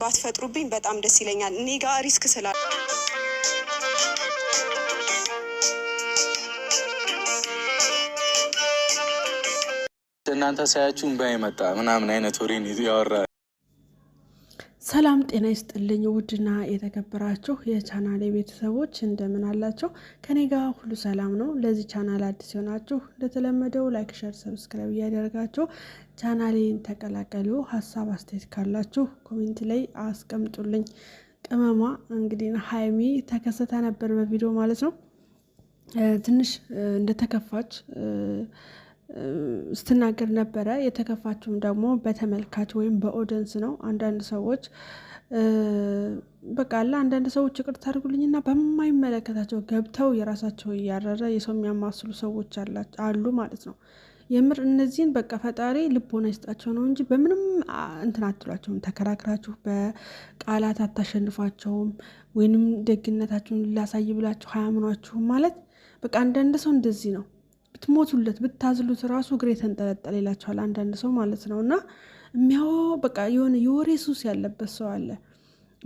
ባትፈጥሩብኝ በጣም ደስ ይለኛል። እኔ ጋ ሪስክ ስላለ እናንተ ሳያችሁ እንባ የመጣ ምናምን አይነት ወሬን ያወራ። ሰላም ጤና ይስጥልኝ። ውድና የተከበራችሁ የቻናል ቤተሰቦች እንደምን አላቸው? ከኔ ጋር ሁሉ ሰላም ነው። ለዚህ ቻናል አዲስ የሆናችሁ እንደተለመደው ላይክ፣ ሸር፣ ሰብስክራይብ እያደረጋችሁ ቻናሌን ተቀላቀሉ። ሀሳብ አስተያየት ካላችሁ ኮሜንት ላይ አስቀምጡልኝ። ቅመሟ እንግዲህ ሀይሚ ተከሰታ ነበር በቪዲዮ ማለት ነው። ትንሽ እንደተከፋች ስትናገር ነበረ። የተከፋችውም ደግሞ በተመልካች ወይም በኦደንስ ነው። አንዳንድ ሰዎች በቃ አንዳንድ ሰዎች ይቅርታ አድርጉልኝና በማይመለከታቸው ገብተው የራሳቸው እያረረ የሰው የሚያማስሉ ሰዎች አሉ ማለት ነው። የምር እነዚህን በቃ ፈጣሪ ልቦና ይስጣቸው ነው እንጂ በምንም እንትን አትሏቸውም። ተከራክራችሁ በቃላት አታሸንፏቸውም። ወይንም ደግነታችሁን ላሳይ ብላችሁ አያምኗችሁም ማለት በቃ አንዳንድ ሰው እንደዚህ ነው። ብትሞቱለት ብታዝሉት ራሱ እግሬ ተንጠለጠለ ይላቸዋል አንዳንድ ሰው ማለት ነው። እና የሚያወ በቃ የሆነ የወሬ ሱስ ያለበት ሰው አለ።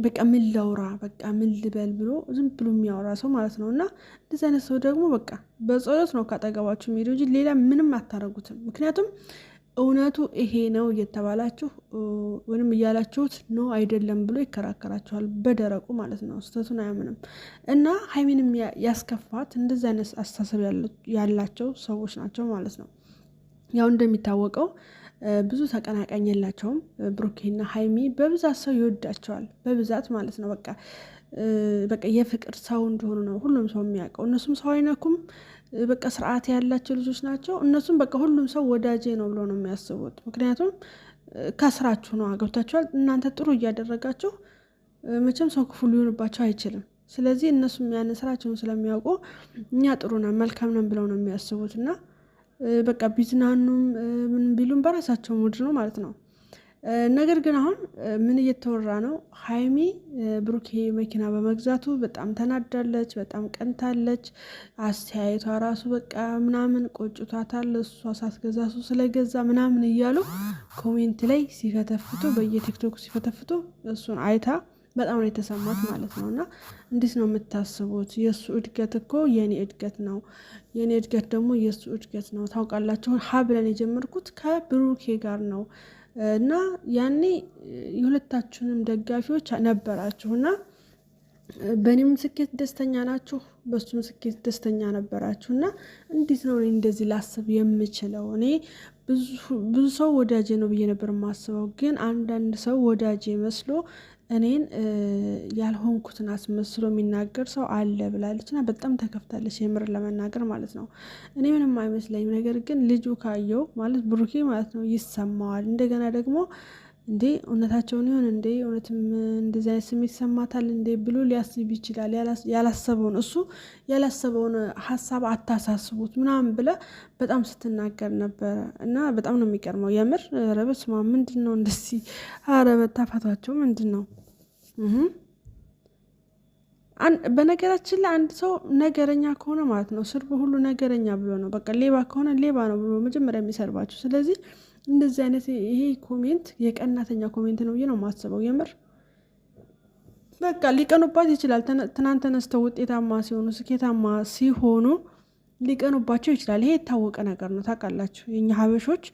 በቃ ምን ላውራ በቃ ምን ልበል ብሎ ዝም ብሎ የሚያወራ ሰው ማለት ነው። እና እንደዚህ አይነት ሰው ደግሞ በቃ በጸሎት ነው ካጠገባችሁ የሚሄዱ እንጂ ሌላ ምንም አታረጉትም። ምክንያቱም እውነቱ ይሄ ነው እየተባላችሁ ወይም እያላችሁት ነው አይደለም ብሎ ይከራከራችኋል፣ በደረቁ ማለት ነው። ስህተቱን አያምንም እና ሀይሚንም ያስከፋት እንደዚህ አይነት አስተሳሰብ ያላቸው ሰዎች ናቸው ማለት ነው። ያው እንደሚታወቀው ብዙ ተቀናቃኝ የላቸውም። ብሩኬና ሀይሚ በብዛት ሰው ይወዳቸዋል፣ በብዛት ማለት ነው። በቃ በቃ የፍቅር ሰው እንደሆኑ ነው ሁሉም ሰው የሚያውቀው። እነሱም ሰው አይነኩም፣ በቃ ስርዓት ያላቸው ልጆች ናቸው። እነሱም በቃ ሁሉም ሰው ወዳጄ ነው ብሎ ነው የሚያስቡት። ምክንያቱም ከስራችሁ ነው አገብታችኋል። እናንተ ጥሩ እያደረጋችሁ መቼም ሰው ክፉ ሊሆንባቸው አይችልም። ስለዚህ እነሱም ያንን ስራቸውን ስለሚያውቁ እኛ ጥሩ ነን መልካም ነን ብለው ነው የሚያስቡት እና በቃ ቢዝናኑም ምን ቢሉም በራሳቸው ሙድ ነው ማለት ነው። ነገር ግን አሁን ምን እየተወራ ነው? ሀይሚ ብሩኬ መኪና በመግዛቱ በጣም ተናዳለች፣ በጣም ቀንታለች። አስተያየቷ ራሱ በቃ ምናምን ቆጭቷታል። እሷ ሳትገዛ እሱ ስለገዛ ምናምን እያሉ ኮሜንት ላይ ሲፈተፍቱ፣ በየቲክቶክ ሲፈተፍቱ እሱን አይታ በጣም ነው የተሰማት ማለት ነው። እና እንዴት ነው የምታስቡት? የእሱ እድገት እኮ የኔ እድገት ነው፣ የኔ እድገት ደግሞ የእሱ እድገት ነው። ታውቃላችሁ ሀ ብለን የጀመርኩት ከብሩኬ ጋር ነው እና ያኔ የሁለታችሁንም ደጋፊዎች ነበራችሁ እና በእኔም ስኬት ደስተኛ ናችሁ፣ በሱም ስኬት ደስተኛ ነበራችሁ እና እንዴት ነው እኔ እንደዚህ ላስብ የምችለው? እኔ ብዙ ሰው ወዳጄ ነው ብዬ ነበር የማስበው። ግን አንዳንድ ሰው ወዳጄ መስሎ እኔን ያልሆንኩትን አስመስሎ የሚናገር ሰው አለ ብላለች እና በጣም ተከፍታለች። የምር ለመናገር ማለት ነው። እኔ ምንም አይመስለኝም። ነገር ግን ልጁ ካየው ማለት ብሩኬ ማለት ነው ይሰማዋል። እንደገና ደግሞ እንዴ እውነታቸውን ይሆን እንዴ እውነትም እንደዚህ አይነት ስሜት ይሰማታል እንዴ ብሎ ሊያስብ ይችላል። ያላሰበውን እሱ ያላሰበውን ሀሳብ አታሳስቡት ምናምን ብለ በጣም ስትናገር ነበረ እና በጣም ነው የሚቀርመው የምር ረበት ስማ ምንድን ነው እንደዚ ረበት ታፋቷቸው ምንድን ነው? በነገራችን ላይ አንድ ሰው ነገረኛ ከሆነ ማለት ነው ስርቡ ሁሉ ነገረኛ ብሎ ነው በቃ ሌባ ከሆነ ሌባ ነው ብሎ መጀመሪያ የሚሰርባቸው ስለዚህ እንደዚህ አይነት ይሄ ኮሜንት የቀናተኛ ኮሜንት ነው ብዬ ነው የማስበው። የምር በቃ ሊቀኑባት ይችላል። ትናንት ተነስተው ውጤታማ ሲሆኑ ስኬታማ ሲሆኑ ሊቀኑባቸው ይችላል። ይሄ የታወቀ ነገር ነው። ታውቃላችሁ፣ የኛ ሀበሾች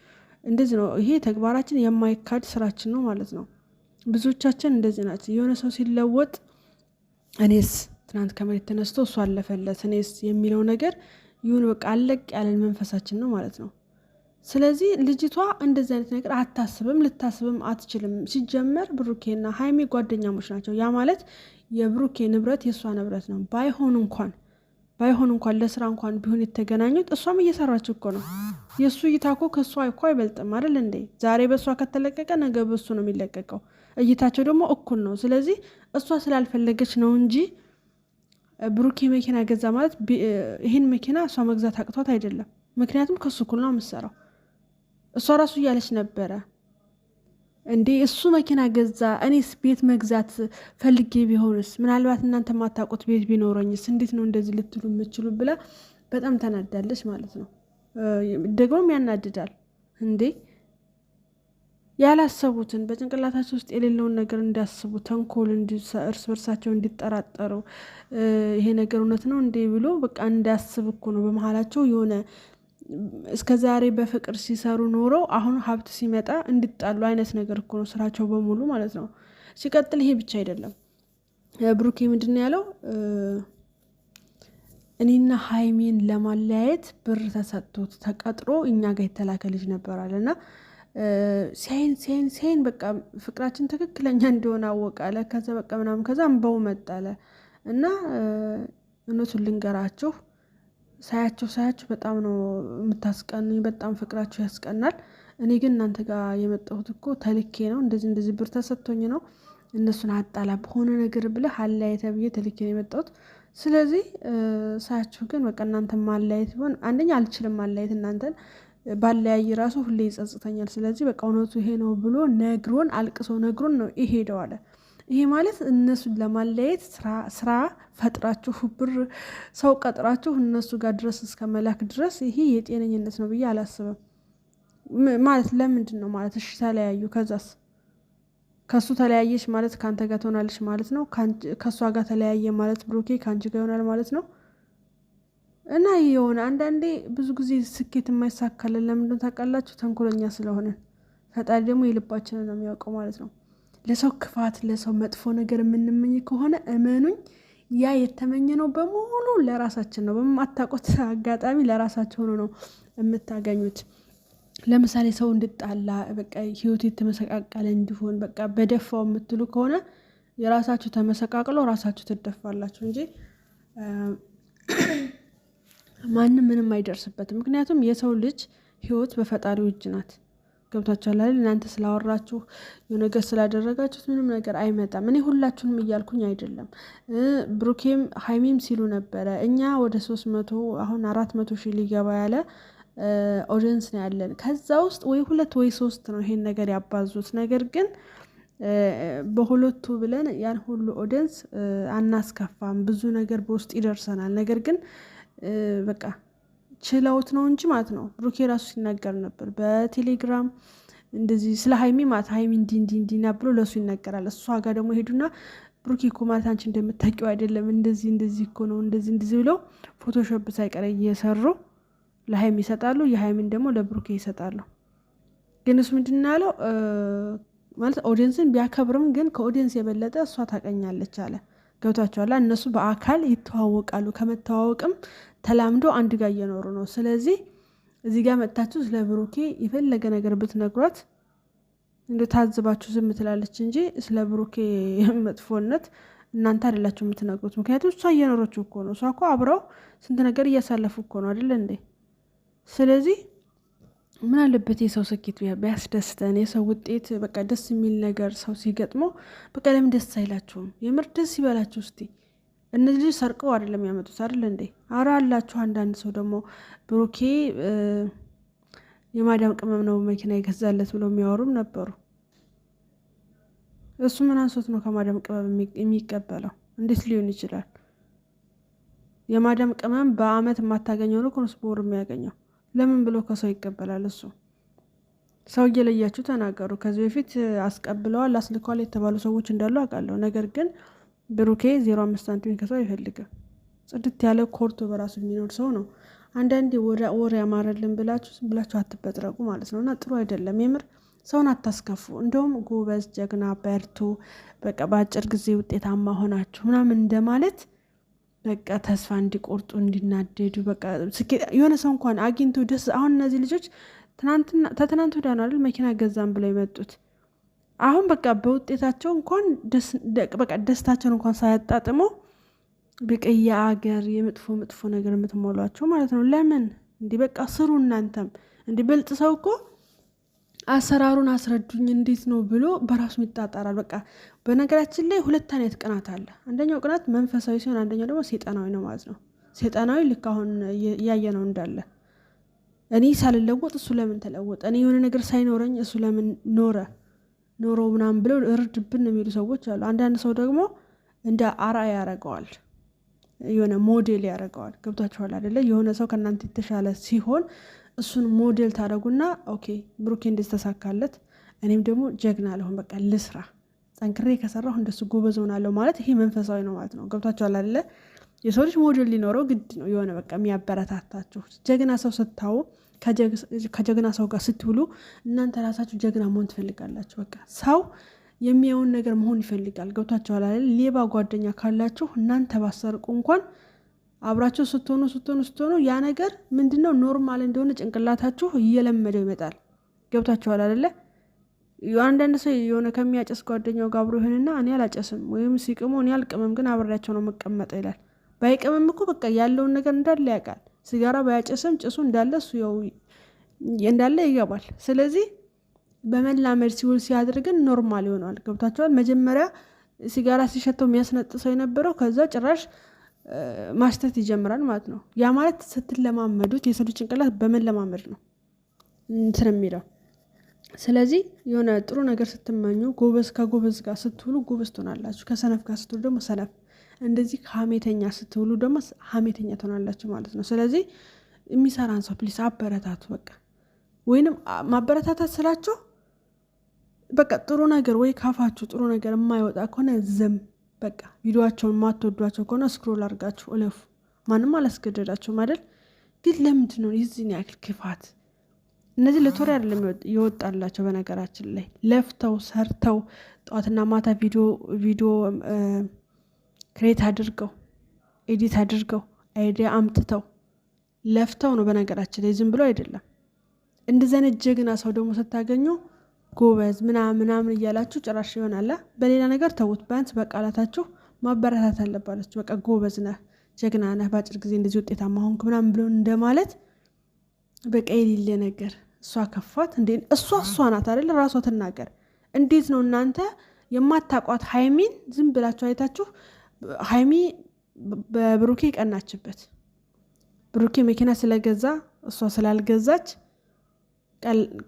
እንደዚህ ነው። ይሄ ተግባራችን የማይካድ ስራችን ነው ማለት ነው። ብዙዎቻችን እንደዚህ ናት። የሆነ ሰው ሲለወጥ እኔስ ትናንት ከመሬት ተነስቶ እሱ አለፈለት እኔስ የሚለው ነገር ይሁን በቃ አለቅ ያለን መንፈሳችን ነው ማለት ነው። ስለዚህ ልጅቷ እንደዚህ አይነት ነገር አታስብም፣ ልታስብም አትችልም። ሲጀመር ብሩኬና ሀይሚ ጓደኛሞች ናቸው። ያ ማለት የብሩኬ ንብረት የእሷ ንብረት ነው። ባይሆን እንኳን ባይሆን እንኳን ለስራ እንኳን ቢሆን የተገናኙት እሷም እየሰራችው እኮ ነው። የእሱ እይታ እኮ ከእሷ እኮ አይበልጥም አይደል እንዴ? ዛሬ በእሷ ከተለቀቀ ነገ በእሱ ነው የሚለቀቀው። እይታቸው ደግሞ እኩል ነው። ስለዚህ እሷ ስላልፈለገች ነው እንጂ ብሩኬ መኪና ገዛ ማለት ይህን መኪና እሷ መግዛት አቅቷት አይደለም። ምክንያቱም ከእሱ እኩል ነው የምትሰራው። እሷ ራሱ እያለች ነበረ እንዴ እሱ መኪና ገዛ፣ እኔስ ቤት መግዛት ፈልጌ ቢሆንስ፣ ምናልባት እናንተ ማታውቁት ቤት ቢኖረኝስ፣ እንዴት ነው እንደዚህ ልትሉ የምችሉ ብላ በጣም ተናዳለች ማለት ነው። ደግሞም ያናድዳል እንዴ ያላሰቡትን በጭንቅላታቸው ውስጥ የሌለውን ነገር እንዲያስቡ ተንኮል፣ እርስ በርሳቸው እንዲጠራጠሩ ይሄ ነገር እውነት ነው እንዴ ብሎ በቃ እንዳያስብ እኮ ነው በመሀላቸው የሆነ እስከ ዛሬ በፍቅር ሲሰሩ ኖሮ አሁን ሀብት ሲመጣ እንዲጣሉ አይነት ነገር እኮ ነው ስራቸው በሙሉ ማለት ነው። ሲቀጥል ይሄ ብቻ አይደለም። ብሩኬ ምንድን ነው ያለው? እኔና ሀይሜን ለማለያየት ብር ተሰጥቶት ተቀጥሮ እኛ ጋር የተላከ ልጅ ነበራል እና ሲያይን ሲያይን ሲያይን በቃ ፍቅራችን ትክክለኛ እንደሆነ አወቃለ። ከዛ በቃ ምናምን ከዛ አንበው መጣለ እና እውነቱን ልንገራችሁ ሳያቸው ሳያቸው በጣም ነው የምታስቀኑኝ። በጣም ፍቅራቸው ያስቀናል። እኔ ግን እናንተ ጋር የመጣሁት እኮ ተልኬ ነው። እንደዚህ እንደዚህ ብር ተሰጥቶኝ ነው። እነሱን አጣላ በሆነ ነገር ብለህ አለያየተ ብዬ ተልኬ ነው የመጣሁት። ስለዚህ ሳያቸው ግን በቃ እናንተ ማለያየት ቢሆን አንደኛ አልችልም ማለያየት። እናንተን ባለያይ ራሱ ሁሌ ይጸጽተኛል። ስለዚህ በቃ እውነቱ ይሄ ነው ብሎ ነግሮን አልቅሰው ነግሮን ነው ይሄደዋል። ይሄ ማለት እነሱን ለማለየት ስራ ፈጥራችሁ ብር ሰው ቀጥራችሁ እነሱ ጋር ድረስ እስከ መላክ ድረስ ይሄ የጤነኝነት ነው ብዬ አላስብም። ማለት ለምንድን ነው ማለት እሺ፣ ተለያዩ። ከዛስ ከሱ ተለያየች ማለት ከአንተ ጋር ትሆናለች ማለት ነው። ከእሷ ጋር ተለያየ ማለት ብሩኬ ከአንቺ ጋር ይሆናል ማለት ነው። እና ይህ የሆነ አንዳንዴ ብዙ ጊዜ ስኬት የማይሳካለን ለምንድን ታውቃላችሁ? ተንኮለኛ ስለሆነን። ፈጣሪ ደግሞ የልባችንን ነው የሚያውቀው ማለት ነው። ለሰው ክፋት፣ ለሰው መጥፎ ነገር የምንመኝ ከሆነ እመኑኝ ያ የተመኘ ነው በሙሉ ለራሳችን ነው። በማታውቁት አጋጣሚ ለራሳቸው ሆኖ ነው የምታገኙት። ለምሳሌ ሰው እንድጣላ በቃ ህይወቱ የተመሰቃቀለ እንዲሆን በቃ በደፋው የምትሉ ከሆነ የራሳችሁ ተመሰቃቅሎ ራሳችሁ ትደፋላችሁ እንጂ ማንም ምንም አይደርስበትም። ምክንያቱም የሰው ልጅ ህይወት በፈጣሪው እጅ ናት። ገብታችኋል አይደል? እናንተ ስላወራችሁ ነገር ስላደረጋችሁት ምንም ነገር አይመጣም። እኔ ሁላችሁንም እያልኩኝ አይደለም። ብሩኬም ሀይሚም ሲሉ ነበረ እኛ ወደ ሶስት መቶ አሁን አራት መቶ ሺህ ሊገባ ያለ ኦዲየንስ ነው ያለን። ከዛ ውስጥ ወይ ሁለት ወይ ሶስት ነው ይሄን ነገር ያባዙት። ነገር ግን በሁለቱ ብለን ያን ሁሉ ኦዲየንስ አናስከፋም። ብዙ ነገር በውስጥ ይደርሰናል። ነገር ግን በቃ ችለውት ነው እንጂ ማለት ነው። ብሩኬ ራሱ ሲናገር ነበር በቴሌግራም እንደዚህ ስለ ሀይሚ ማለት ሀይሚ እንዲ እንዲ እንዲና ብሎ ለእሱ ይነገራል። እሷ ጋር ደግሞ ሄዱና ብሩኬ እኮ ማለት አንቺ እንደምታውቂው አይደለም እንደዚህ እንደዚህ እኮ ነው እንደዚህ እንደዚህ ብለው ፎቶሾፕ ሳይቀር እየሰሩ ለሀይሚ ይሰጣሉ፣ የሀይሚን ደግሞ ለብሩኬ ይሰጣሉ። ግን እሱ ምንድን ያለው ማለት ኦዲየንስን ቢያከብርም ግን ከኦዲየንስ የበለጠ እሷ ታቀኛለች አለ። ገብቷቸዋላ። እነሱ በአካል ይተዋወቃሉ ከመተዋወቅም ተላምዶ አንድ ጋር እየኖሩ ነው። ስለዚህ እዚህ ጋር መጥታችሁ ስለ ብሩኬ የፈለገ ነገር ብትነግሯት እንደ ታዝባችሁ ዝም ትላለች እንጂ ስለ ብሩኬ መጥፎነት እናንተ አይደላችሁ የምትነግሩት። ምክንያቱም እሷ እየኖረችው እኮ ነው። እሷ እኮ አብረው ስንት ነገር እያሳለፉ እኮ ነው አይደለ እንዴ? ስለዚህ ምን አለበት የሰው ስኬት ቢያስደስተን፣ የሰው ውጤት በቃ ደስ የሚል ነገር ሰው ሲገጥሞ በቃ ለምን ደስ አይላችሁም? የምር ደስ ይበላችሁ እስቲ። እነዚህ ልጅ ሰርቀው አይደለም ያመጡት አይደል እንዴ? አረ አላችሁ። አንዳንድ ሰው ደግሞ ብሩኬ የማዳም ቅመም ነው መኪና የገዛለት ብለው የሚያወሩም ነበሩ። እሱ ምን አንሶት ነው ከማዳም ቅመም የሚቀበለው? እንዴት ሊሆን ይችላል? የማዳም ቅመም በአመት የማታገኘው ነው ኮንስ በወር የሚያገኘው። ለምን ብሎ ከሰው ይቀበላል? እሱ ሰው እየለያችሁ ተናገሩ። ከዚህ በፊት አስቀብለዋል፣ አስልከዋል የተባሉ ሰዎች እንዳሉ አውቃለሁ። ነገር ግን ብሩኬ ዜሮ አምስት ሳንቲም ከሰው አይፈልግም። ጽድት ያለ ኮርቶ በራሱ የሚኖር ሰው ነው። አንዳንዴ ወር ያማረልን ብላችሁ ብላችሁ አትበጥረቁ ማለት ነው እና ጥሩ አይደለም። የምር ሰውን አታስከፉ። እንደውም ጎበዝ፣ ጀግና፣ በርቱ፣ በቃ በአጭር ጊዜ ውጤታማ ሆናችሁ ምናምን እንደማለት በቃ ተስፋ እንዲቆርጡ እንዲናደዱ፣ በቃ የሆነ ሰው እንኳን አግኝቶ ደስ አሁን እነዚህ ልጆች ተትናንት ወዲያ ነው አይደል መኪና ገዛም ብለው የመጡት አሁን በቃ በውጤታቸው እንኳን በቃ ደስታቸውን እንኳን ሳያጣጥሙ በቃ የአገር የምጥፎ ምጥፎ ነገር የምትሞሏቸው ማለት ነው። ለምን እንዲህ በቃ ስሩ እናንተም እንዲህ በልጥ ሰው እኮ አሰራሩን አስረዱኝ እንዴት ነው ብሎ በራሱ ይጣጣራል። በቃ በነገራችን ላይ ሁለት አይነት ቅናት አለ። አንደኛው ቅናት መንፈሳዊ ሲሆን፣ አንደኛው ደግሞ ሴጣናዊ ነው ማለት ነው። ሴጣናዊ ልክ አሁን እያየ ነው እንዳለ እኔ ሳልለወጥ እሱ ለምን ተለወጠ? እኔ የሆነ ነገር ሳይኖረኝ እሱ ለምን ኖረ? ኖሮ ምናምን ብለው እርድብን የሚሉ ሰዎች አሉ። አንዳንድ ሰው ደግሞ እንደ አርአያ ያደርገዋል፣ የሆነ ሞዴል ያደርገዋል። ገብቷችኋል አይደለ? የሆነ ሰው ከእናንተ የተሻለ ሲሆን እሱን ሞዴል ታደረጉና ኦኬ ብሩኬ እንደዚህ ተሳካለት፣ እኔም ደግሞ ጀግና አለሁን በቃ ልስራ፣ ጠንክሬ ከሰራሁ እንደሱ ጎበዝ ሆናለሁ ማለት ይሄ መንፈሳዊ ነው ማለት ነው። ገብቷችኋል አይደለ? የሰው ልጅ ሞዴል ሊኖረው ግድ ነው። የሆነ በቃ የሚያበረታታችሁ ጀግና ሰው ስታው ከጀግና ሰው ጋር ስትውሉ እናንተ ራሳችሁ ጀግና መሆን ትፈልጋላችሁ። በቃ ሰው የሚያውን ነገር መሆን ይፈልጋል። ገብቷችኋል አይደል? ሌባ ጓደኛ ካላችሁ እናንተ ባሰርቁ እንኳን አብራችሁ ስትሆኑ ስትሆኑ ስትሆኑ ያ ነገር ምንድነው ኖርማል እንደሆነ ጭንቅላታችሁ እየለመደው ይመጣል። ገብቷችኋል አይደለ? አንዳንድ ሰው የሆነ ከሚያጨስ ጓደኛው ጋር አብሮ ይሆንና እኔ አላጨስም ወይም ሲቅሙ እኔ አልቅምም፣ ግን አብሬያቸው ነው መቀመጠ ይላል። ባይቅምም እኮ በቃ ያለውን ነገር እንዳለ ያውቃል። ሲጋራ ባያጨስም ጭሱ እንዳለ እሱ ያው እንዳለ ይገባል። ስለዚህ በመላመድ ሲውል ሲያድርግን ኖርማል ይሆነዋል። ገብታቸዋል። መጀመሪያ ሲጋራ ሲሸተው የሚያስነጥሰው የነበረው ከዛ ጭራሽ ማሽተት ይጀምራል ማለት ነው። ያ ማለት ስትለማመዱት የሰው ልጅ ጭንቅላት በመለማመድ ነው እንትን የሚለው። ስለዚህ የሆነ ጥሩ ነገር ስትመኙ ጎበዝ ከጎበዝ ጋር ስትውሉ ጎበዝ ትሆናላችሁ። ከሰነፍ ጋር ስትውሉ ደግሞ ሰነፍ እንደዚህ ከሀሜተኛ ስትውሉ ደግሞ ሀሜተኛ ትሆናላችሁ ማለት ነው። ስለዚህ የሚሰራን ሰው ፕሊስ አበረታቱ። በቃ ወይንም ማበረታታት ስላቸው በቃ ጥሩ ነገር ወይ ካፋችሁ ጥሩ ነገር የማይወጣ ከሆነ ዝም በቃ ቪዲዮቸውን ማትወዷቸው ከሆነ ስክሮል አድርጋችሁ እለፉ። ማንም አላስገደዳቸው አይደል? ግን ለምንድን ነው የዚህን ያክል ክፋት? እነዚህ ለቶሪ አይደለም የወጣላቸው። በነገራችን ላይ ለፍተው ሰርተው ጠዋትና ማታ ቪዲዮ ክሬት አድርገው ኤዲት አድርገው አይዲያ አምጥተው ለፍተው ነው። በነገራችን ላይ ዝም ብሎ አይደለም። እንደዚህ አይነት ጀግና ሰው ደግሞ ስታገኙ ጎበዝ ምናምን ምናምን እያላችሁ ጭራሽ ይሆናላ በሌላ ነገር ተዉት። ቢያንስ በቃላታችሁ ማበረታት አለባላችሁ። በቃ ጎበዝ ነህ፣ ጀግና ነህ፣ በአጭር ጊዜ እንደዚህ ውጤታማ ሆንክ ምናምን ብሎ እንደማለት በቃ የሌለ ነገር እሷ ከፋት እንዴ! እሷ እሷ ናት አይደል? ራሷ ትናገር። እንዴት ነው እናንተ የማታቋት ሀይሚን ዝም ብላችሁ አይታችሁ ሀይሚ በብሩኬ ቀናችበት። ብሩኬ መኪና ስለገዛ እሷ ስላልገዛች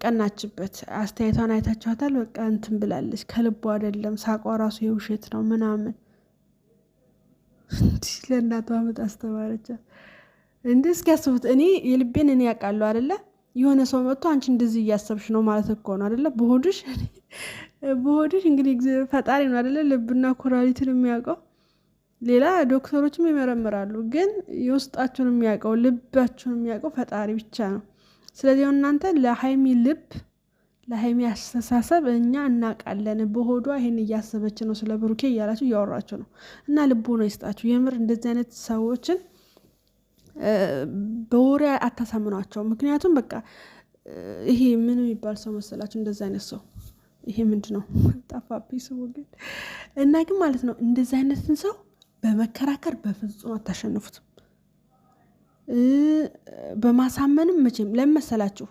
ቀናችበት። አስተያየቷን አይታችኋታል። በቃ እንትን ብላለች። ከልቦ አይደለም፣ ሳቋ ራሱ የውሸት ነው ምናምን እንዲህ ለእናቷ አመት አስተማረቻት። እስኪ ያስቡት። እኔ የልቤን እኔ ያውቃለሁ አደለ የሆነ ሰው መጥቶ አንቺ እንደዚህ እያሰብሽ ነው ማለት እኮ ነው አደለ? በሆድሽ በሆድሽ እንግዲህ ፈጣሪ ነው አደለ? ልብና ኩላሊትን የሚያውቀው ሌላ ዶክተሮችም ይመረምራሉ፣ ግን የውስጣችሁን የሚያውቀው ልባችሁን የሚያውቀው ፈጣሪ ብቻ ነው። ስለዚህ እናንተ ለሀይሚ ልብ ለሀይሚ አስተሳሰብ እኛ እናውቃለን። በሆዷ ይህን እያሰበች ነው ስለ ብሩኬ እያላችሁ እያወራችሁ ነው እና ልቦ ነው ይስጣችሁ። የምር እንደዚህ አይነት ሰዎችን በወሬ አታሳምኗቸው። ምክንያቱም በቃ ይሄ ምን የሚባል ሰው መሰላችሁ? እንደዚህ አይነት ሰው ይሄ ምንድን ነው ጠፋብኝ ስሙ ግን እና ግን ማለት ነው እንደዚህ አይነትን ሰው በመከራከር በፍጹም አታሸንፉትም። በማሳመንም መቼም ለመሰላችሁ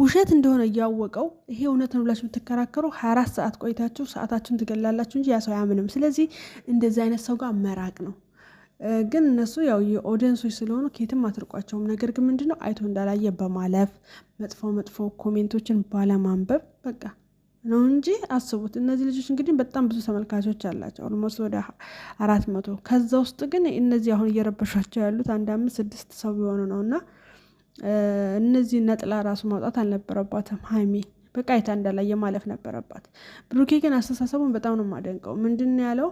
ውሸት እንደሆነ እያወቀው ይሄ እውነት ነው ብላችሁ የምትከራከሩ ሀያ አራት ሰዓት ቆይታችሁ ሰዓታችሁን ትገላላችሁ እንጂ ያ ሰው አያምንም። ስለዚህ እንደዚህ አይነት ሰው ጋር መራቅ ነው። ግን እነሱ ያው የኦዲየንሶች ስለሆኑ ከየትም አትርቋቸውም። ነገር ግን ምንድነው አይቶ እንዳላየ በማለፍ መጥፎ መጥፎ ኮሜንቶችን ባለማንበብ በቃ ነው እንጂ አስቡት። እነዚህ ልጆች እንግዲህ በጣም ብዙ ተመልካቾች አላቸው፣ ኦልሞስት ወደ አራት መቶ ከዛ ውስጥ ግን እነዚህ አሁን እየረበሻቸው ያሉት አንድ አምስት ስድስት ሰው የሆኑ ነው እና እነዚህ ነጥላ ራሱ ማውጣት አልነበረባትም ሀይሚ በቃ አይታ እንዳላየ ማለፍ ነበረባት። ብሩኬ ግን አስተሳሰቡን በጣም ነው የማደንቀው። ምንድን ያለው?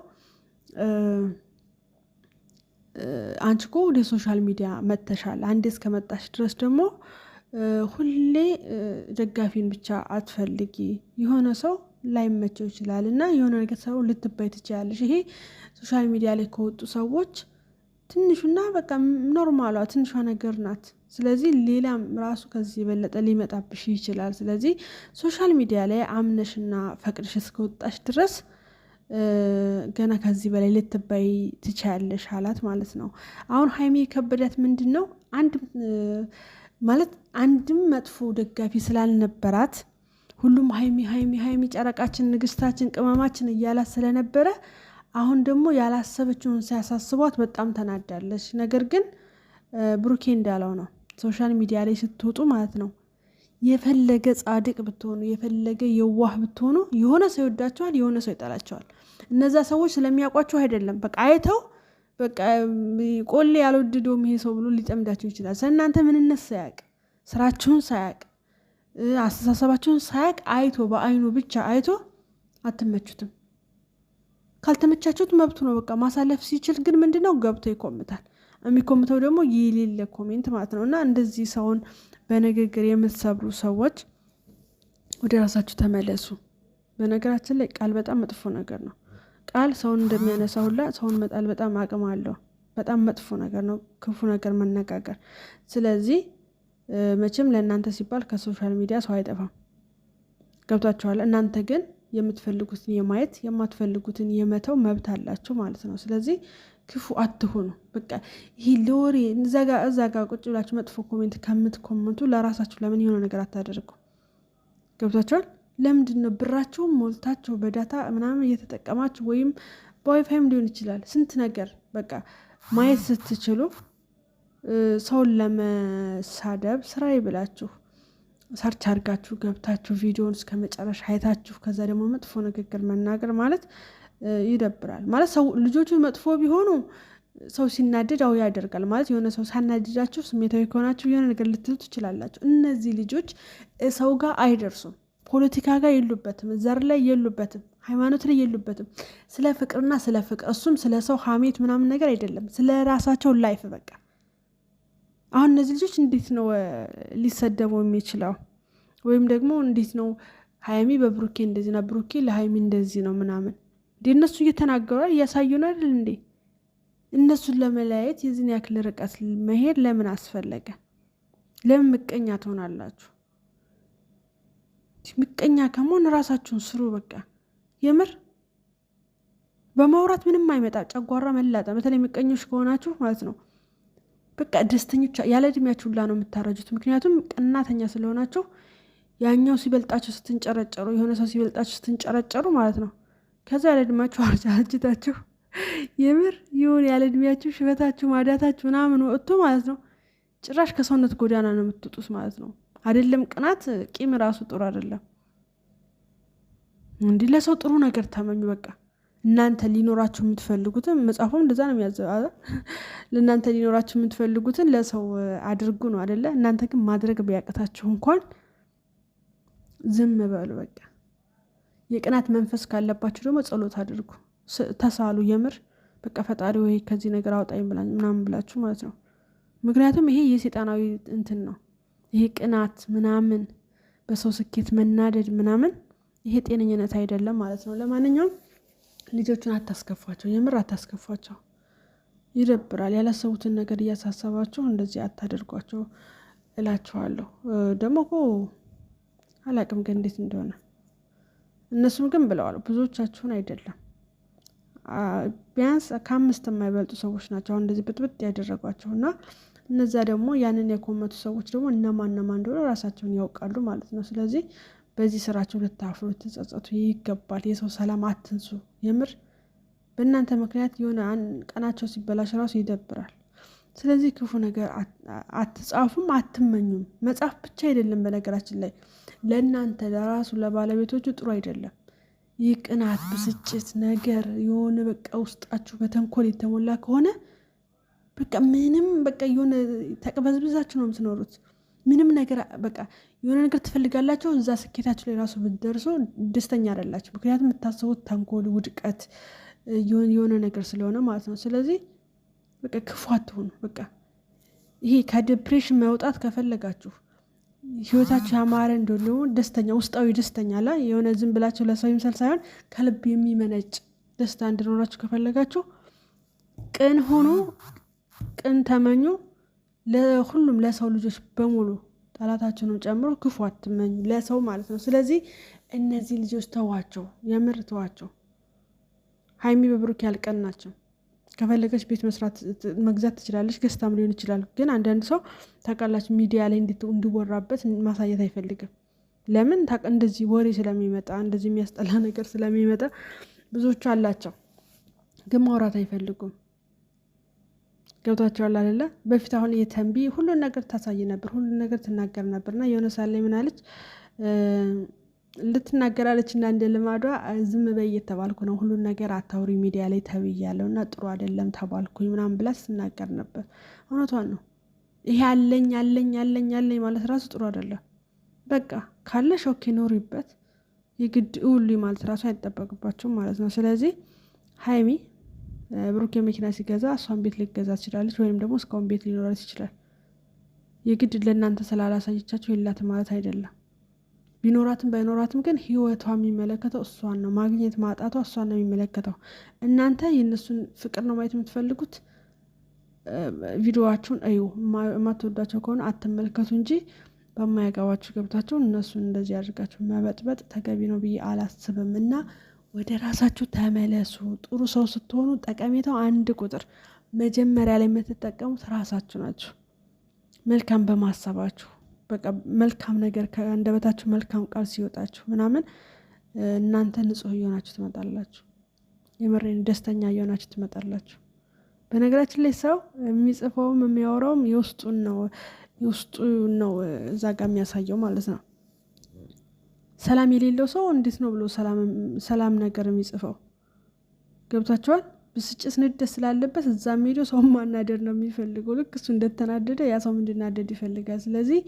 አንቺ እኮ ወደ ሶሻል ሚዲያ መተሻል አንዴ እስከመጣሽ ድረስ ደግሞ ሁሌ ደጋፊን ብቻ አትፈልጊ። የሆነ ሰው ላይመቸው ይችላል እና የሆነ ነገር ሰው ልትባይ ትችላለች። ይሄ ሶሻል ሚዲያ ላይ ከወጡ ሰዎች ትንሹና በቃ ኖርማሏ ትንሿ ነገር ናት። ስለዚህ ሌላም ራሱ ከዚህ የበለጠ ሊመጣብሽ ይችላል። ስለዚህ ሶሻል ሚዲያ ላይ አምነሽና ፈቅድሽ እስከወጣሽ ድረስ ገና ከዚህ በላይ ልትባይ ትችያለሽ አላት ማለት ነው። አሁን ሀይሚ የከበዳት ምንድን ነው አንድ ማለት አንድም መጥፎ ደጋፊ ስላልነበራት ሁሉም ሀይሚ ሀይሚ ሀይሚ ጨረቃችን፣ ንግስታችን፣ ቅመማችን እያላት ስለነበረ አሁን ደግሞ ያላሰበችውን ሲያሳስቧት በጣም ተናዳለች። ነገር ግን ብሩኬ እንዳለው ነው ሶሻል ሚዲያ ላይ ስትወጡ ማለት ነው የፈለገ ጻድቅ ብትሆኑ የፈለገ የዋህ ብትሆኑ የሆነ ሰው ይወዳቸዋል፣ የሆነ ሰው ይጠላቸዋል። እነዛ ሰዎች ስለሚያውቋቸው አይደለም፣ በቃ አይተው በቃ ቆሌ ያልወደደውም ይሄ ሰው ብሎ ሊጠምዳቸው ይችላል። ስለእናንተ ምንነት ሳያቅ፣ ስራችሁን ሳያቅ፣ አስተሳሰባችሁን ሳያቅ አይቶ በአይኑ ብቻ አይቶ አትመቹትም። ካልተመቻችሁት መብቱ ነው። በቃ ማሳለፍ ሲችል ግን ምንድነው ገብቶ ይኮምታል። የሚኮምተው ደግሞ የሌለ ኮሜንት ማለት ነው። እና እንደዚህ ሰውን በንግግር የምትሰብሩ ሰዎች ወደ ራሳችሁ ተመለሱ። በነገራችን ላይ ቃል በጣም መጥፎ ነገር ነው። ቃል ሰውን እንደሚያነሳ ሁላ ሰውን መጣል በጣም አቅም አለው። በጣም መጥፎ ነገር ነው፣ ክፉ ነገር መነጋገር። ስለዚህ መቼም ለእናንተ ሲባል ከሶሻል ሚዲያ ሰው አይጠፋም። ገብቷችኋል? እናንተ ግን የምትፈልጉትን የማየት የማትፈልጉትን የመተው መብት አላችሁ ማለት ነው። ስለዚህ ክፉ አትሆኑ። በቃ ይህ ለወሬ እዛ ጋ ቁጭ ብላችሁ መጥፎ ኮሜንት ከምትኮመንቱ ለራሳችሁ ለምን የሆነ ነገር አታደርጉ? ገብቷችኋል? ለምንድን ነው ብራችሁን ሞልታቸው በዳታ ምናምን እየተጠቀማችሁ ወይም በዋይፋይም ሊሆን ይችላል ስንት ነገር በቃ ማየት ስትችሉ ሰውን ለመሳደብ ስራ ይብላችሁ ሰርች አድርጋችሁ ገብታችሁ ቪዲዮን እስከ መጨረሻ አይታችሁ ከዛ ደግሞ መጥፎ ንግግር መናገር ማለት ይደብራል። ማለት ሰው ልጆቹ መጥፎ ቢሆኑ ሰው ሲናደድ አው ያደርጋል ማለት የሆነ ሰው ሳናደዳችሁ ስሜታዊ ከሆናችሁ የሆነ ነገር ልትሉ ትችላላችሁ። እነዚህ ልጆች ሰው ጋር አይደርሱም። ፖለቲካ ጋር የሉበትም፣ ዘር ላይ የሉበትም፣ ሃይማኖት ላይ የሉበትም። ስለ ፍቅርና ስለ ፍቅር እሱም ስለ ሰው ሀሜት ምናምን ነገር አይደለም፣ ስለ ራሳቸው ላይፍ በቃ። አሁን እነዚህ ልጆች እንዴት ነው ሊሰደቡ የሚችለው? ወይም ደግሞ እንዴት ነው ሀይሚ በብሩኬ እንደዚህ ና ብሩኬ ለሀይሚ እንደዚህ ነው ምናምን እንዴ እነሱ እየተናገሩ እያሳዩ ነው አይደል እንዴ? እነሱን ለመለያየት የዚህን ያክል ርቀት መሄድ ለምን አስፈለገ? ለምን ምቀኛ ትሆናላችሁ? ምቀኛ ከመሆን ራሳችሁን ስሩ። በቃ የምር በማውራት ምንም አይመጣ፣ ጨጓራ መላጠ። በተለይ ምቀኞች ከሆናችሁ ማለት ነው። በቃ ደስተኞች ያለ እድሜያችሁ ላ ነው የምታረጁት። ምክንያቱም ቀናተኛ ስለሆናችሁ ያኛው ሲበልጣችሁ ስትንጨረጨሩ፣ የሆነ ሰው ሲበልጣችሁ ስትንጨረጨሩ ማለት ነው። ከዛ ያለ እድሜያችሁ አርጅታችሁ የምር ይሁን ያለ እድሜያችሁ ሽበታችሁ ማዳታችሁ ምናምን ወጥቶ ማለት ነው ጭራሽ ከሰውነት ጎዳና ነው የምትወጡት ማለት ነው። አይደለም ቅናት፣ ቂም ራሱ ጥሩ አይደለም። እንዲህ ለሰው ጥሩ ነገር ተመኙ። በቃ እናንተ ሊኖራችሁ የምትፈልጉትን መጽሐፉም እንደዛ ነው የሚያዘው። ለእናንተ ሊኖራችሁ የምትፈልጉትን ለሰው አድርጉ ነው አደለ? እናንተ ግን ማድረግ ቢያቅታችሁ እንኳን ዝም በሉ። በቃ የቅናት መንፈስ ካለባችሁ ደግሞ ጸሎት አድርጉ፣ ተሳሉ። የምር በቃ ፈጣሪ ወይ ከዚህ ነገር አውጣኝ ምናምን ብላችሁ ማለት ነው። ምክንያቱም ይሄ የሴጣናዊ እንትን ነው። ይሄ ቅናት ምናምን በሰው ስኬት መናደድ ምናምን ይሄ ጤነኝነት አይደለም ማለት ነው። ለማንኛውም ልጆቹን አታስከፏቸው፣ የምር አታስከፏቸው። ይደብራል። ያላሰቡትን ነገር እያሳሰባቸው እንደዚህ አታደርጓቸው እላቸዋለሁ። ደግሞ እኮ አላቅም ግን እንዴት እንደሆነ እነሱም ግን ብለዋል። ብዙዎቻችሁን አይደለም ቢያንስ ከአምስት የማይበልጡ ሰዎች ናቸው አሁን እንደዚህ ብጥብጥ ያደረጓቸው እና እነዛ ደግሞ ያንን የኮመቱ ሰዎች ደግሞ እነማን ነማ እንደሆነ ራሳቸውን ያውቃሉ ማለት ነው። ስለዚህ በዚህ ስራቸው ልታፍሩ ልትጸጸቱ ይገባል። የሰው ሰላም አትንሱ። የምር በእናንተ ምክንያት የሆነ ቀናቸው ሲበላሽ ራሱ ይደብራል። ስለዚህ ክፉ ነገር አትጻፉም፣ አትመኙም። መጽሐፍ ብቻ አይደለም በነገራችን ላይ ለእናንተ ለራሱ ለባለቤቶቹ ጥሩ አይደለም። ይህ ቅናት፣ ብስጭት ነገር የሆነ በቃ ውስጣችሁ በተንኮል የተሞላ ከሆነ በቃ ምንም በቃ የሆነ ተቅበዝብዛችሁ ነው የምትኖሩት። ምንም ነገር በቃ የሆነ ነገር ትፈልጋላችሁ። እዛ ስኬታችሁ ላይ ራሱ ብትደርሱ ደስተኛ አይደላችሁ። ምክንያቱም የምታስቡት ተንኮል፣ ውድቀት የሆነ ነገር ስለሆነ ማለት ነው። ስለዚህ በቃ ክፉ አትሆኑ። በቃ ይሄ ከዲፕሬሽን መውጣት ከፈለጋችሁ ህይወታችሁ ያማረ እንደሆነ ደስተኛ ውስጣዊ ደስተኛ ላ የሆነ ዝም ብላችሁ ለሰው ይምሰል ሳይሆን ከልብ የሚመነጭ ደስታ እንዲኖራችሁ ከፈለጋችሁ ቅን ሆኖ ቅን ተመኙ ለሁሉም ለሰው ልጆች በሙሉ ጠላታችንን ጨምሮ ክፉ አትመኙ ለሰው ማለት ነው። ስለዚህ እነዚህ ልጆች ተዋቸው፣ የምር ተዋቸው። ሀይሚ በብሩክ ያልቀን ናቸው። ከፈለገች ቤት መስራት መግዛት ትችላለች፣ ገዝታም ሊሆን ይችላል። ግን አንዳንድ ሰው ታውቃላች፣ ሚዲያ ላይ እንዲወራበት ማሳየት አይፈልግም። ለምን እንደዚህ ወሬ ስለሚመጣ እንደዚህ የሚያስጠላ ነገር ስለሚመጣ ብዙዎቹ አላቸው፣ ግን ማውራት አይፈልጉም። ገብቷቸዋል አለ በፊት አሁን የተንቢ ሁሉን ነገር ታሳይ ነበር፣ ሁሉን ነገር ትናገር ነበር እና የሆነ ሳለ ምናለች ልትናገራለች እና እንደ ልማዷ ዝም በይ እየተባልኩ ነው፣ ሁሉን ነገር አታውሪ ሚዲያ ላይ ተብያለሁ እና ጥሩ አይደለም ተባልኩኝ ምናምን ብላ ስትናገር ነበር። እውነቷን ነው። ይሄ አለኝ አለኝ አለኝ አለኝ ማለት ራሱ ጥሩ አይደለም። በቃ ካለሽ ኦኬ ኖሪበት፣ የግድ እውሉኝ ማለት ራሱ አይጠበቅባቸውም ማለት ነው። ስለዚህ ሀይሚ ብሩኬ መኪና ሲገዛ እሷን ቤት ሊገዛ ትችላለች፣ ወይም ደግሞ እስካሁን ቤት ሊኖራት ይችላል። የግድ ለእናንተ ስላላሳየቻቸው የላት ማለት አይደለም። ቢኖራትም ባይኖራትም ግን ህይወቷ የሚመለከተው እሷን ነው። ማግኘት ማጣቷ እሷን ነው የሚመለከተው። እናንተ የእነሱን ፍቅር ነው ማየት የምትፈልጉት። ቪዲዮዋችሁን እዩ። የማትወዷቸው ከሆነ አትመልከቱ እንጂ በማያገባችሁ ገብታቸው እነሱን እንደዚህ አድርጋችሁ መበጥበጥ ተገቢ ነው ብዬ አላስብም እና ወደ ራሳችሁ ተመለሱ። ጥሩ ሰው ስትሆኑ ጠቀሜታው አንድ ቁጥር፣ መጀመሪያ ላይ የምትጠቀሙት ራሳችሁ ናችሁ። መልካም በማሰባችሁ በቃ መልካም ነገር ከአንደበታችሁ መልካም ቃል ሲወጣችሁ ምናምን እናንተ ንጹህ እየሆናችሁ ትመጣላችሁ። የምሬን ደስተኛ እየሆናችሁ ትመጣላችሁ። በነገራችን ላይ ሰው የሚጽፈውም የሚያወራውም የውስጡን ነው የውስጡ ነው እዛ ጋር የሚያሳየው ማለት ነው። ሰላም የሌለው ሰው እንዴት ነው ብሎ ሰላም ነገር የሚጽፈው? ገብታችኋል? ብስጭት ንደት ስላለበት እዛም ሄዶ ሰው ማናደድ ነው የሚፈልገው። ልክ እሱ እንደተናደደ ያ ሰው እንዲናደድ ይፈልጋል። ስለዚህ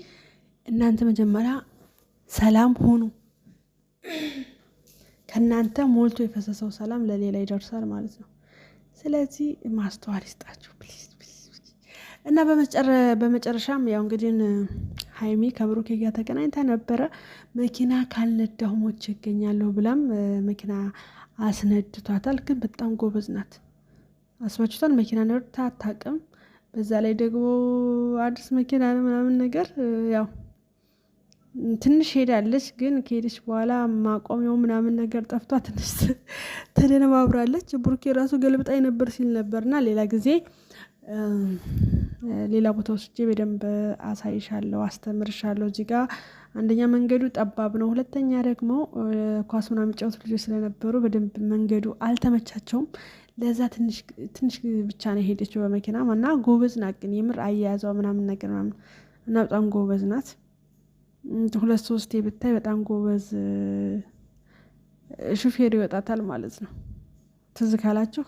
እናንተ መጀመሪያ ሰላም ሆኑ። ከእናንተ ሞልቶ የፈሰሰው ሰላም ለሌላ ይደርሳል ማለት ነው። ስለዚህ ማስተዋል ይስጣችሁ ፕሊዝ። እና በመጨረሻም ያው እንግዲህ ሀይሚ ከብሩኬ ጋር ተገናኝታ ነበረ። መኪና ካልነዳሁ ሞቼ እገኛለሁ ብላም መኪና አስነድቷታል። ግን በጣም ጎበዝ ናት። አስባችሁታል? መኪና ነርታ አታውቅም። በዛ ላይ ደግሞ አዲስ መኪና ምናምን ነገር ያው ትንሽ ሄዳለች፣ ግን ከሄደች በኋላ ማቆሚያው ምናምን ነገር ጠፍቷ ትንሽ ተደነባብራለች። ቡርኬ ራሱ ገልብጣ ነበር ሲል ነበርና ሌላ ጊዜ ሌላ ቦታ ወስጄ በደንብ አሳይሻለሁ፣ አስተምርሻለሁ። እዚህ ጋር አንደኛ መንገዱ ጠባብ ነው፣ ሁለተኛ ደግሞ ኳስ ምናምን የሚጫወቱ ልጆች ስለነበሩ በደንብ መንገዱ አልተመቻቸውም። ለዛ ትንሽ ብቻ ነው የሄደችው በመኪና እና ጎበዝ ናት፣ ግን የምር አያያዟ ምናምን ነገር ምናምን እና በጣም ጎበዝ ናት። ሁለት ሶስቴ ብታይ በጣም ጎበዝ ሹፌር ይወጣታል ማለት ነው። ትዝ ካላችሁ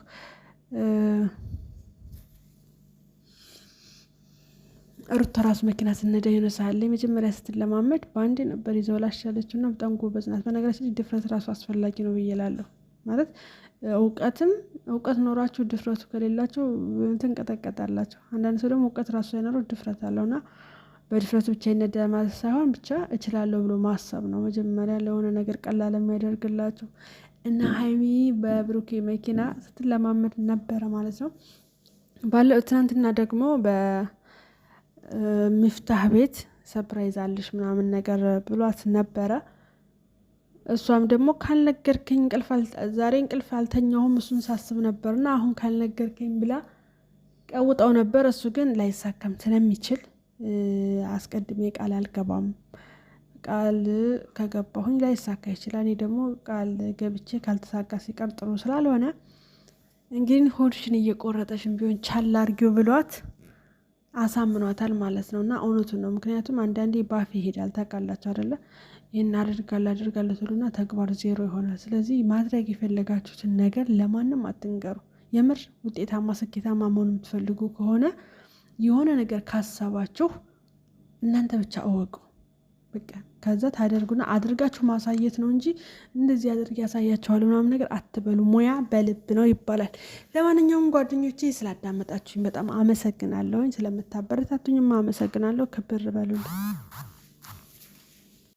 ሩታ ራሱ መኪና ስነዳ የሆነ ሳለ የመጀመሪያ ስትለማመድ በአንዴ ነበር ይዘው ላሻለችው እና በጣም ጎበዝ ናት። በነገራችን ላይ ድፍረት ራሱ አስፈላጊ ነው ብዬ እላለሁ። ማለት እውቀትም እውቀት ኖሯችሁ ድፍረቱ ከሌላቸው ትንቀጠቀጣላቸው። አንዳንድ ሰው ደግሞ እውቀት ራሱ ሳይኖረው ድፍረት አለው አለውና በድፍረቱ ብቻ ይነዳ ማለት ሳይሆን ብቻ እችላለሁ ብሎ ማሰብ ነው መጀመሪያ ለሆነ ነገር ቀላል የሚያደርግላቸው እና ሀይሚ በብሩኬ መኪና ስትለማመድ ነበረ ማለት ነው ባለው ትናንትና ደግሞ ሚፍታህ ቤት ሰፕራይዝ አለሽ ምናምን ነገር ብሏት ነበረ። እሷም ደግሞ ካልነገርከኝ ዛሬ እንቅልፍ አልተኛሁም እሱን ሳስብ ነበርና አሁን ካልነገርከኝ ብላ ቀውጠው ነበር። እሱ ግን ላይሳካም ስለሚችል አስቀድሜ ቃል አልገባም፣ ቃል ከገባሁኝ ላይሳካ ይችላል። እኔ ደግሞ ቃል ገብቼ ካልተሳካ ሲቀር ጥሩ ስላልሆነ እንግዲህ ሆድሽን እየቆረጠሽን ቢሆን ቻል አድርጊው ብሏት አሳምኗታል ማለት ነው። እና እውነቱን ነው። ምክንያቱም አንዳንዴ ባፍ ይሄዳል ታውቃላችሁ አደለ? ይህን አድርጋል አድርጋል ትሉና ተግባር ዜሮ ይሆናል። ስለዚህ ማድረግ የፈለጋችሁትን ነገር ለማንም አትንገሩ። የምር ውጤታማ ስኬታማ መሆን የምትፈልጉ ከሆነ የሆነ ነገር ካሰባችሁ እናንተ ብቻ እወቁ። በቃ ከዛ ታደርጉና አድርጋችሁ ማሳየት ነው እንጂ እንደዚህ አድርግ ያሳያችኋል ምናምን ነገር አትበሉ። ሙያ በልብ ነው ይባላል። ለማንኛውም ጓደኞቼ ስላዳመጣችሁኝ በጣም አመሰግናለሁኝ። ስለምታበረታቱኝም አመሰግናለሁ። ክብር በሉልኝ።